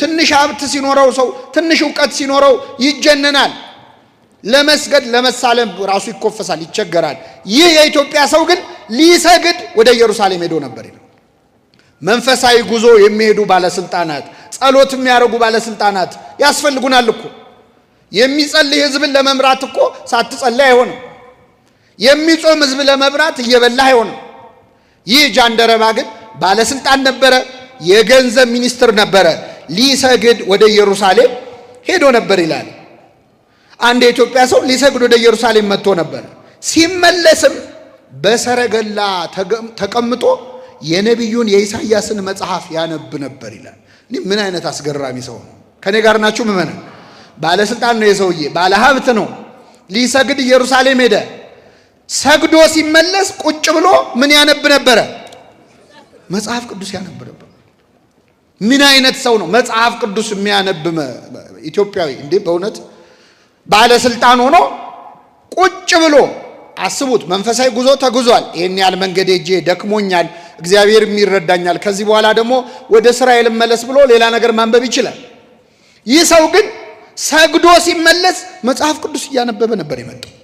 ትንሽ ሀብት ሲኖረው ሰው ትንሽ እውቀት ሲኖረው ይጀነናል። ለመስገድ ለመሳለም ራሱ ይኮፈሳል፣ ይቸገራል። ይህ የኢትዮጵያ ሰው ግን ሊሰግድ ወደ ኢየሩሳሌም ሄዶ ነበር። መንፈሳዊ ጉዞ የሚሄዱ ባለስልጣናት፣ ጸሎት የሚያደርጉ ባለስልጣናት ያስፈልጉናል እኮ። የሚጸልይ ህዝብን ለመምራት እኮ ሳትጸልይ አይሆንም። የሚጾም ህዝብ ለመብራት እየበላህ አይሆንም። ይህ ጃንደረባ ግን ባለስልጣን ነበረ፣ የገንዘብ ሚኒስትር ነበረ። ሊሰግድ ወደ ኢየሩሳሌም ሄዶ ነበር ይላል። አንድ የኢትዮጵያ ሰው ሊሰግድ ወደ ኢየሩሳሌም መጥቶ ነበር። ሲመለስም በሰረገላ ተቀምጦ የነቢዩን የኢሳይያስን መጽሐፍ ያነብ ነበር ይላል። ምን አይነት አስገራሚ ሰው ነው! ከኔ ጋር ናችሁ ምመነ ባለስልጣን ነው የሰውዬ፣ ባለሀብት ነው። ሊሰግድ ኢየሩሳሌም ሄደ። ሰግዶ ሲመለስ ቁጭ ብሎ ምን ያነብ ነበረ? መጽሐፍ ቅዱስ ያነብ ነበር። ምን አይነት ሰው ነው መጽሐፍ ቅዱስ የሚያነብ ኢትዮጵያዊ? እንዴ በእውነት ባለስልጣን ሆኖ ቁጭ ብሎ አስቡት። መንፈሳዊ ጉዞ ተጉዟል። ይህን ያህል መንገድ ሄጄ ደክሞኛል፣ እግዚአብሔር ይረዳኛል፣ ከዚህ በኋላ ደግሞ ወደ ስራ መለስ ብሎ ሌላ ነገር ማንበብ ይችላል። ይህ ሰው ግን ሰግዶ ሲመለስ መጽሐፍ ቅዱስ እያነበበ ነበር የመጣው።